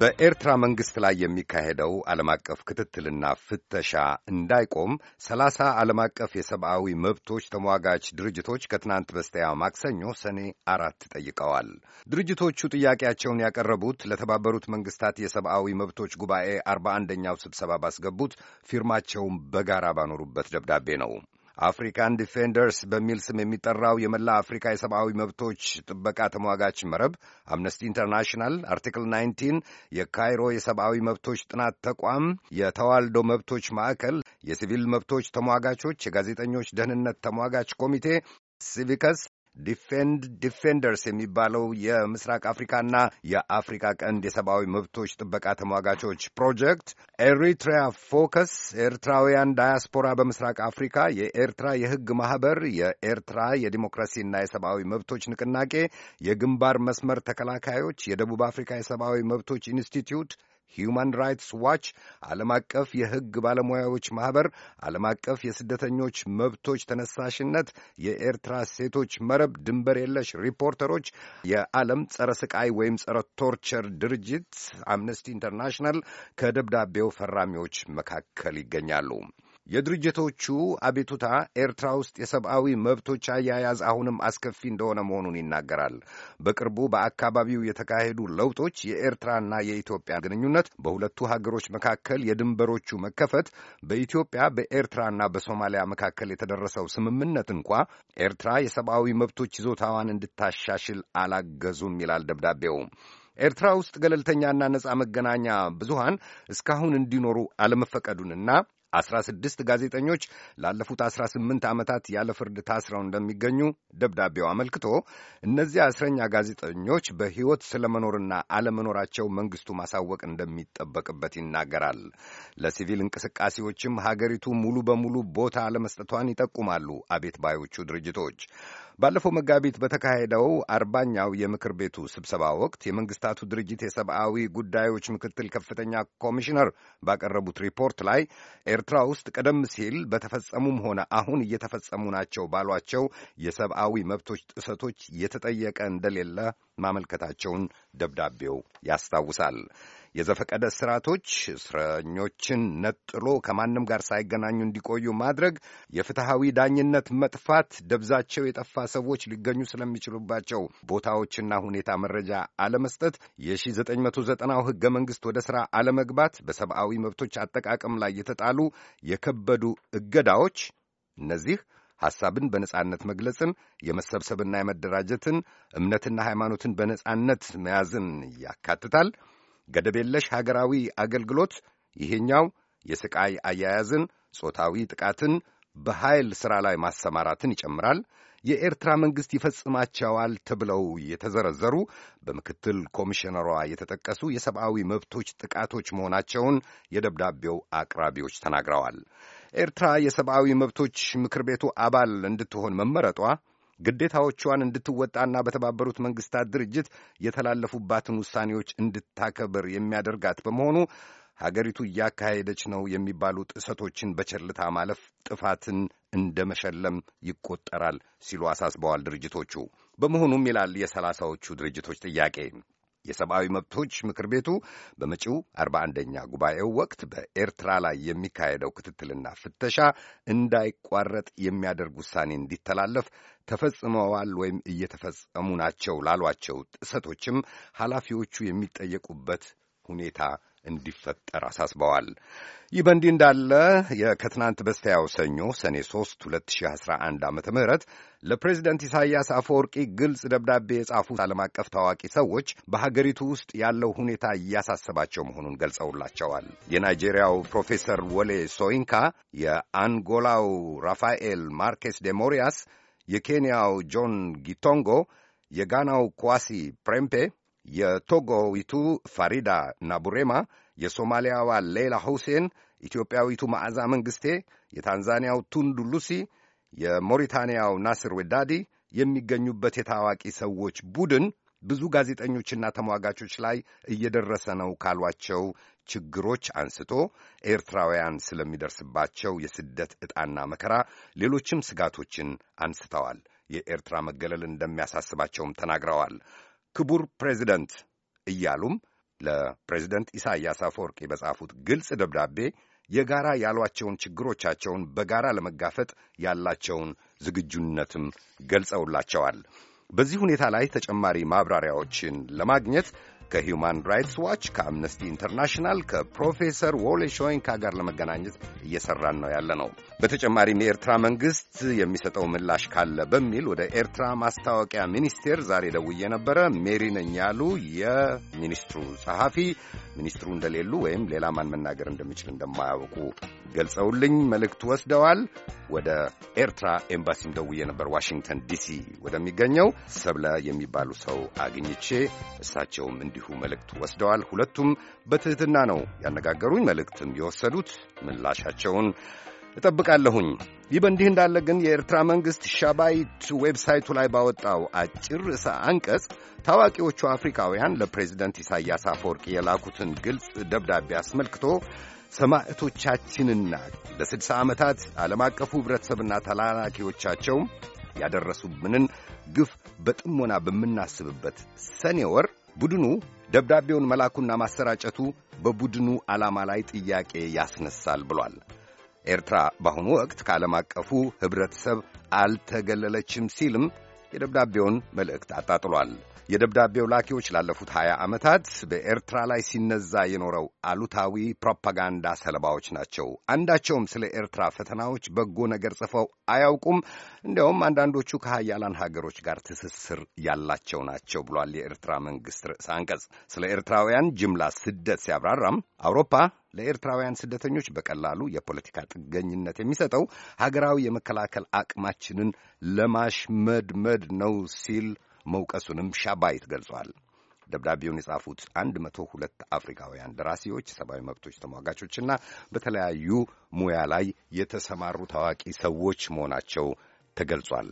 በኤርትራ መንግሥት ላይ የሚካሄደው ዓለም አቀፍ ክትትልና ፍተሻ እንዳይቆም ሰላሳ ዓለም አቀፍ የሰብአዊ መብቶች ተሟጋች ድርጅቶች ከትናንት በስቲያ ማክሰኞ ሰኔ አራት ጠይቀዋል። ድርጅቶቹ ጥያቄያቸውን ያቀረቡት ለተባበሩት መንግሥታት የሰብአዊ መብቶች ጉባኤ አርባ አንደኛው ስብሰባ ባስገቡት ፊርማቸውን በጋራ ባኖሩበት ደብዳቤ ነው። አፍሪካን ዲፌንደርስ በሚል ስም የሚጠራው የመላ አፍሪካ የሰብአዊ መብቶች ጥበቃ ተሟጋች መረብ፣ አምነስቲ ኢንተርናሽናል፣ አርቲክል 19፣ የካይሮ የሰብአዊ መብቶች ጥናት ተቋም፣ የተዋልዶ መብቶች ማዕከል፣ የሲቪል መብቶች ተሟጋቾች፣ የጋዜጠኞች ደህንነት ተሟጋች ኮሚቴ ሲቪከስ ዲፌንድ ዲፌንደርስ የሚባለው የምስራቅ አፍሪካና የአፍሪካ ቀንድ የሰብአዊ መብቶች ጥበቃ ተሟጋቾች ፕሮጀክት፣ ኤሪትሪያ ፎከስ፣ ኤርትራውያን ዳያስፖራ በምስራቅ አፍሪካ፣ የኤርትራ የህግ ማህበር የኤርትራ የዲሞክራሲና የሰብአዊ መብቶች ንቅናቄ፣ የግንባር መስመር ተከላካዮች፣ የደቡብ አፍሪካ የሰብአዊ መብቶች ኢንስቲትዩት ሂዩማን ራይትስ ዋች፣ ዓለም አቀፍ የሕግ ባለሙያዎች ማኅበር፣ ዓለም አቀፍ የስደተኞች መብቶች ተነሳሽነት፣ የኤርትራ ሴቶች መረብ፣ ድንበር የለሽ ሪፖርተሮች፣ የዓለም ጸረ ስቃይ ወይም ጸረ ቶርቸር ድርጅት አምነስቲ ኢንተርናሽናል ከደብዳቤው ፈራሚዎች መካከል ይገኛሉ። የድርጅቶቹ አቤቱታ ኤርትራ ውስጥ የሰብአዊ መብቶች አያያዝ አሁንም አስከፊ እንደሆነ መሆኑን ይናገራል። በቅርቡ በአካባቢው የተካሄዱ ለውጦች የኤርትራና የኢትዮጵያ ግንኙነት፣ በሁለቱ ሀገሮች መካከል የድንበሮቹ መከፈት፣ በኢትዮጵያ በኤርትራና በሶማሊያ መካከል የተደረሰው ስምምነት እንኳ ኤርትራ የሰብአዊ መብቶች ይዞታዋን እንድታሻሽል አላገዙም ይላል ደብዳቤው። ኤርትራ ውስጥ ገለልተኛና ነጻ መገናኛ ብዙሃን እስካሁን እንዲኖሩ አለመፈቀዱንና 16 ጋዜጠኞች ላለፉት 18 ዓመታት ያለ ፍርድ ታስረው እንደሚገኙ ደብዳቤው አመልክቶ እነዚህ እስረኛ ጋዜጠኞች በሕይወት ስለመኖርና አለመኖራቸው መንግሥቱ ማሳወቅ እንደሚጠበቅበት ይናገራል። ለሲቪል እንቅስቃሴዎችም ሀገሪቱ ሙሉ በሙሉ ቦታ አለመስጠቷን ይጠቁማሉ አቤት ባዮቹ ድርጅቶች። ባለፈው መጋቢት በተካሄደው አርባኛው የምክር ቤቱ ስብሰባ ወቅት የመንግስታቱ ድርጅት የሰብአዊ ጉዳዮች ምክትል ከፍተኛ ኮሚሽነር ባቀረቡት ሪፖርት ላይ ኤርትራ ውስጥ ቀደም ሲል በተፈጸሙም ሆነ አሁን እየተፈጸሙ ናቸው ባሏቸው የሰብአዊ መብቶች ጥሰቶች የተጠየቀ እንደሌለ ማመልከታቸውን ደብዳቤው ያስታውሳል። የዘፈቀደ ስርዓቶች እስረኞችን ነጥሎ ከማንም ጋር ሳይገናኙ እንዲቆዩ ማድረግ፣ የፍትሐዊ ዳኝነት መጥፋት፣ ደብዛቸው የጠፋ ሰዎች ሊገኙ ስለሚችሉባቸው ቦታዎችና ሁኔታ መረጃ አለመስጠት፣ የ1990ው ሕገ መንግሥት ወደ ሥራ አለመግባት፣ በሰብአዊ መብቶች አጠቃቀም ላይ የተጣሉ የከበዱ እገዳዎች እነዚህ ሐሳብን በነጻነት መግለጽን የመሰብሰብና የመደራጀትን እምነትና ሃይማኖትን በነጻነት መያዝን ያካትታል። ገደብ የለሽ ሀገራዊ አገልግሎት ይሄኛው የሥቃይ አያያዝን፣ ጾታዊ ጥቃትን፣ በኃይል ሥራ ላይ ማሰማራትን ይጨምራል። የኤርትራ መንግሥት ይፈጽማቸዋል ተብለው የተዘረዘሩ በምክትል ኮሚሽነሯ የተጠቀሱ የሰብአዊ መብቶች ጥቃቶች መሆናቸውን የደብዳቤው አቅራቢዎች ተናግረዋል። ኤርትራ የሰብአዊ መብቶች ምክር ቤቱ አባል እንድትሆን መመረጧ ግዴታዎቿን እንድትወጣና በተባበሩት መንግስታት ድርጅት የተላለፉባትን ውሳኔዎች እንድታከብር የሚያደርጋት በመሆኑ ሀገሪቱ እያካሄደች ነው የሚባሉ ጥሰቶችን በቸልታ ማለፍ ጥፋትን እንደ መሸለም ይቆጠራል ሲሉ አሳስበዋል ድርጅቶቹ። በመሆኑም ይላል የሰላሳዎቹ ድርጅቶች ጥያቄ የሰብአዊ መብቶች ምክር ቤቱ በመጪው አርባ አንደኛ ጉባኤው ወቅት በኤርትራ ላይ የሚካሄደው ክትትልና ፍተሻ እንዳይቋረጥ የሚያደርግ ውሳኔ እንዲተላለፍ ተፈጽመዋል ወይም እየተፈጸሙ ናቸው ላሏቸው ጥሰቶችም ኃላፊዎቹ የሚጠየቁበት ሁኔታ እንዲፈጠር አሳስበዋል። ይህ በእንዲህ እንዳለ የከትናንት በስቲያው ሰኞ ሰኔ 3 2011 ዓ ም ለፕሬዚደንት ኢሳይያስ አፈወርቂ ግልጽ ደብዳቤ የጻፉ ዓለም አቀፍ ታዋቂ ሰዎች በሀገሪቱ ውስጥ ያለው ሁኔታ እያሳሰባቸው መሆኑን ገልጸውላቸዋል። የናይጄሪያው ፕሮፌሰር ወሌ ሶይንካ፣ የአንጎላው ራፋኤል ማርኬስ ዴ ሞሪያስ፣ የኬንያው ጆን ጊቶንጎ፣ የጋናው ኳሲ ፕሬምፔ የቶጎዊቱ ፋሪዳ ናቡሬማ፣ የሶማሊያዋ ሌላ ሁሴን፣ ኢትዮጵያዊቱ መዓዛ መንግሥቴ፣ የታንዛኒያው ቱንዱ ሉሲ፣ የሞሪታንያው ናስር ወዳዲ የሚገኙበት የታዋቂ ሰዎች ቡድን ብዙ ጋዜጠኞችና ተሟጋቾች ላይ እየደረሰ ነው ካሏቸው ችግሮች አንስቶ ኤርትራውያን ስለሚደርስባቸው የስደት ዕጣና መከራ ሌሎችም ስጋቶችን አንስተዋል። የኤርትራ መገለል እንደሚያሳስባቸውም ተናግረዋል። ክቡር ፕሬዚደንት እያሉም ለፕሬዚደንት ኢሳያስ አፈወርቂ በጻፉት ግልጽ ደብዳቤ የጋራ ያሏቸውን ችግሮቻቸውን በጋራ ለመጋፈጥ ያላቸውን ዝግጁነትም ገልጸውላቸዋል። በዚህ ሁኔታ ላይ ተጨማሪ ማብራሪያዎችን ለማግኘት ከሂውማን ራይትስ ዋች፣ ከአምነስቲ ኢንተርናሽናል፣ ከፕሮፌሰር ዎሌ ሾይንካ ጋር ለመገናኘት እየሰራን ነው ያለ ነው። በተጨማሪም የኤርትራ መንግስት የሚሰጠው ምላሽ ካለ በሚል ወደ ኤርትራ ማስታወቂያ ሚኒስቴር ዛሬ ደውዬ ነበረ። ሜሪ ነኝ ያሉ የሚኒስትሩ ጸሐፊ ሚኒስትሩ እንደሌሉ ወይም ሌላ ማን መናገር እንደሚችል እንደማያውቁ ገልጸውልኝ መልእክት ወስደዋል። ወደ ኤርትራ ኤምባሲም ደውዬ ነበር ዋሽንግተን ዲሲ ወደሚገኘው ሰብለ የሚባሉ ሰው አግኝቼ እሳቸውም እንዲሁ መልእክት ወስደዋል። ሁለቱም በትህትና ነው ያነጋገሩኝ። መልእክትም የወሰዱት ምላሻቸውን እጠብቃለሁኝ። ይህ በእንዲህ እንዳለ ግን የኤርትራ መንግሥት ሻባይት ዌብሳይቱ ላይ ባወጣው አጭር ርዕሰ አንቀጽ ታዋቂዎቹ አፍሪካውያን ለፕሬዚደንት ኢሳያስ አፈወርቅ የላኩትን ግልጽ ደብዳቤ አስመልክቶ ሰማዕቶቻችንና ለስድሳ ዓመታት ዓለም አቀፉ ኅብረተሰብና ተላላኪዎቻቸው ያደረሱብንን ግፍ በጥሞና በምናስብበት ሰኔ ወር ቡድኑ ደብዳቤውን መላኩና ማሰራጨቱ በቡድኑ ዓላማ ላይ ጥያቄ ያስነሳል ብሏል። ኤርትራ በአሁኑ ወቅት ከዓለም አቀፉ ኅብረተሰብ አልተገለለችም ሲልም የደብዳቤውን መልእክት አጣጥሏል። የደብዳቤው ላኪዎች ላለፉት ሀያ ዓመታት በኤርትራ ላይ ሲነዛ የኖረው አሉታዊ ፕሮፓጋንዳ ሰለባዎች ናቸው። አንዳቸውም ስለ ኤርትራ ፈተናዎች በጎ ነገር ጽፈው አያውቁም። እንዲያውም አንዳንዶቹ ከሀያላን ሀገሮች ጋር ትስስር ያላቸው ናቸው ብሏል የኤርትራ መንግስት ርዕሰ አንቀጽ። ስለ ኤርትራውያን ጅምላ ስደት ሲያብራራም አውሮፓ ለኤርትራውያን ስደተኞች በቀላሉ የፖለቲካ ጥገኝነት የሚሰጠው ሀገራዊ የመከላከል አቅማችንን ለማሽመድመድ ነው ሲል መውቀሱንም ሻባይት ገልጿል። ደብዳቤውን የጻፉት አንድ መቶ ሁለት አፍሪካውያን ደራሲዎች፣ ሰብአዊ መብቶች ተሟጋቾችና በተለያዩ ሙያ ላይ የተሰማሩ ታዋቂ ሰዎች መሆናቸው ተገልጿል።